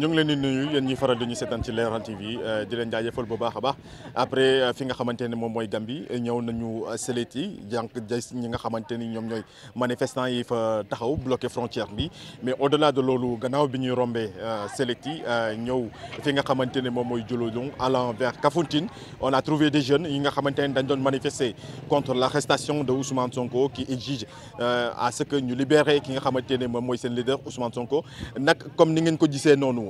ñu ngi leen nii nuyu yéen ñi faral di ñu seetaan ci Leral TV eh, di leen jaajëfal bu baax a baax après eh, fi nga xamante ne moom mooy Gambie eh, ñëw nañu seleti yi jànq ñi nga xamante ni ñoom ñooy manifestant yi fa taxaw bloqué bi mais au delà de loolu gannaaw bi ñuy rombee seleti yi ñëw fi nga xamante ne moom mooy Diouloulou allant vers Kafountine on a trouvé des jeunes yi nga xamante ne dañ doon manifester contre l'arrestation de Ousmane Sonko ki exige à ce que ñu libérer ki nga xamante ne moom mooy seen leader Ousmane Sonko nag comme ni ngeen ko jisee noonu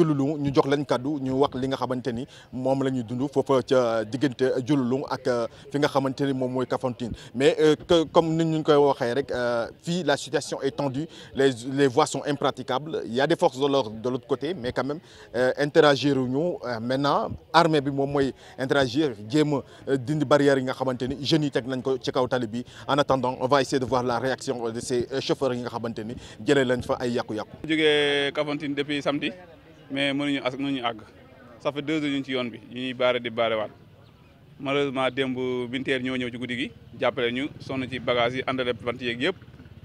Diouloulou ñu jox leen kaddu ñu wax li nga xamante ni moom la ñuy dund foofa ca diggante Diouloulou ak euh, fi nga xamante ni moom mooy Kafountine mais euh, comme ni ñu koy waxee rek euh, fii la situation est tendue les les voies sont impraticables il y a des forces de l'ordre de l'autre côté mais quand même interagir ñu maintenant armée bi moom mooy interagir jéem a dindi barrière nga xamante ni jeunes yi teg nañ ko ci kaw tali bi en attendant on va essayer de voir la réaction de ces chauffeurs yi nga xamante ni jëlee lañ fa ay yàqu mais mënuñu as mënuñu àgg ça fait deux heures ñu ci yoon bi ñu ñuy baare di baare waat malheureusement démb binteer ñoo ñëw ci guddi gi jàppale ñu sonn ci bagage yi àndale bant yeeg yëpp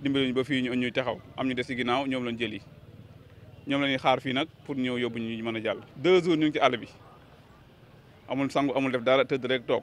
dimbali ñu ba fii ñu ñu taxaw am ñu des ci ginnaaw ñoom lañ jëli ñoom la ñuy xaar fii nag pour ñëw yóbbu ñu mën a jàll. deux jours ñu ngi ci àll bi amul sangu amul def dara tëdd rek toog.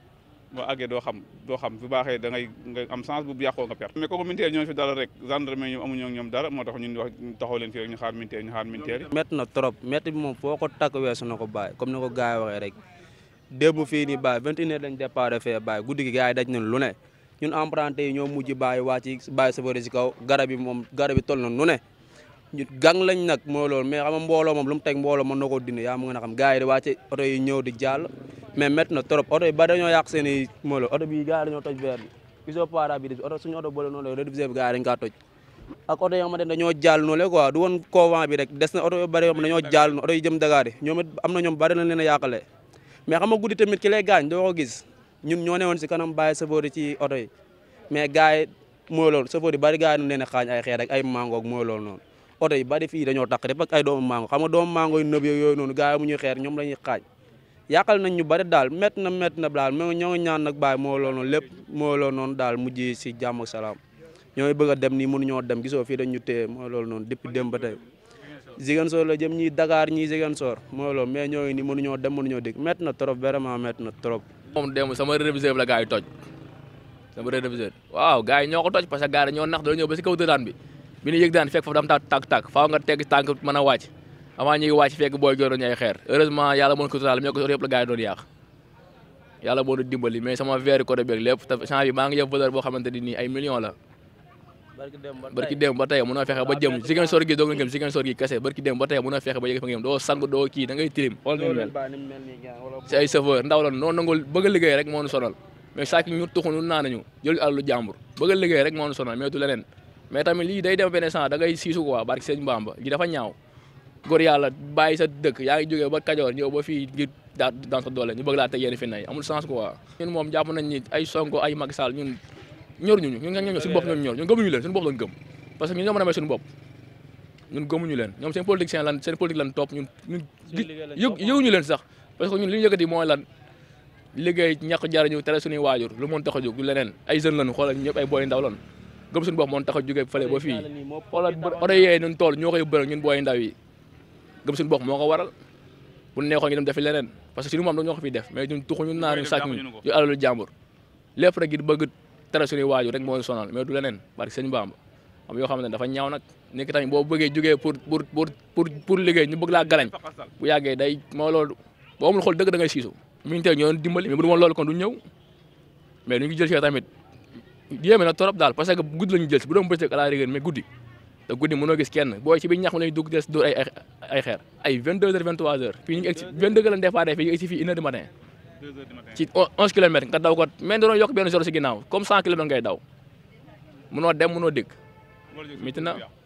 boo àggee doo xam doo xam bu baaxee da ngay am chance bu yàqoo nga perte mais kooku militaire ñoo fi dara rek gendarmerie ñoom amuñoo ñoom dara moo na trop métti bi moom foo ko takk weesu na ko bàyyi comme rek démb fii nii bàyyi vingt une heure lañ départ fee bàyyi guddi gi gars yi daj lu ne ñun emprunté yi ñoo mujj bàyyi waa ci bàyyi si kaw garab yi moom garab yi toll na nu ne ñu gang lañ nag moo loolu mais xam nga mbooloo moom lu mu teg mbooloo mën na koo dindi yaa mu nga a xam gars yi di di jàll mais métti na trop oto yi ba dañoo yàq seen i moolo oto bi gars yi dañoo toj verre bi gisoo parabrise bi oto suñu oto boole noonu la rédiviseur bi gars yi dañ kaa toj ak oto yoo xamante ne dañoo jaal noonu la quoi du woon couvent bi rek des na oto yu bëri yoo xam ne dañoo jaal oto yi jëm Dakar yi ñoom it am na ñoom bëri na leen a yàqale mais xam nga guddi tamit ki lay gaañ doo ko gis ñun ñoo ne woon si kanam bàyyi safoor yi ci oto yi mais gars yi mooy loolu safoor yi bëri gars yi leen a xaañ ay xeer rek ay mangoog mooy loolu noonu oto yi bëri fii dañoo taq rek ak ay doomu mango xam nga doomu mango yu nëb yooyu noonu gars yi mu ñuy xeer ñoom la ñuy xaañ yàqal nañ ñu bari daal métti na métti na daal mais ñoo ngi ñaan nag Baye lépp moo loo daal mujj si jàmm ak salaam ñoo ngi bëgg a dem nii mënuñoo dem gisoo fii dañ ñu téye loolu noonu depuis dem ba tey Ziguinchor la jëm ñii Dakar ñii Ziguinchor moo loolu mais ñoo ngi nii mënuñoo dem mënuñoo dikk métti na trop vraiment métti na trop. moom démb sama réviseur la gars yi toj sama réviseur waaw gars yi ñoo ko toj parce que gars yi ñoo nax dañoo ñëw a wàcc avant ñuy wàcc fekk booy góor ñay xeer heureusement yàlla mën ko tural mais ko yëpp la gars yi doon yàq yàlla moo doon dimbali mais sama veeri côté beeg lépp te champs yi maa ngi yëpp valeur boo xamante ni nii ay millions la barki dem ba tey mënoo fexe ba jëm si ngeen sor gi doog ngeen si ngeen sor gi kese barki dem ba tey mënoo fexe ba yëg fa ngeen doo sang doo kii da ngay tilim xool ni mel si ay chauffeur ndaw la noonu nangul bëgg a liggéey rek moo nu sonal mais chaque ñu tuxu nu naa nañu jël alalu jàmbur bëgg a liggéey rek moo nu sonal mais du leneen mais tamit lii day dem benn sens da ngay siisu quoi barki sëñ Bamba lii dafa ñaaw góor yàlla bàyyi sa dëkk yaa ngi jógee ba Kajoor ñëw ba fii ngir daa dans sa doole ñu bëgg laa teg yenn fi nay amul sens quoi. ñun moom jàpp nañ ni ay Sonko ay Macky Sall ñun ñor ñu ñun ñoo ñor suñu bopp ñoo ñor ñun gëmuñu leen suñu bopp lañ gëm parce que ñun ñoo ñu yëkkati mooy lan liggéey ñàkk jariñu tere suñuy waajur lu moon tax a jóg du leneen ay jeune lañu ndaw yi gëm suñu bopp moo ko waral bu neexoon ñu dem defi leneen parce que suñu moom dañoo ko fiy def mais ñun tuxuñu naanuñu sàcc ñu ñu alalu jàmbur lépp rek it moo sonal mais du leneen parce que sëñ Bamba am ne dafa ñaaw nag nekk tamit boo bëggee jógee pour pour pour pour pour liggéey ñu bëgg laa galañ bu yàggee day moo loolu boo amul xool dëgg da ngay siisu mi tey ñoo dimbali mais bu dul woon loolu kon du ñëw mais tamit yéeme na trop daal parce que guddi la ñu jël te guddi mënoo gis kenn booy ci biir ñax mi lañuy dugg des dóor ay ay xeer ay 22 heures 23 heures fii ñu ngi egg si 22 heures heure du comme 100 kilomètres ngay daw mënoo dem mënoo dikk maintenant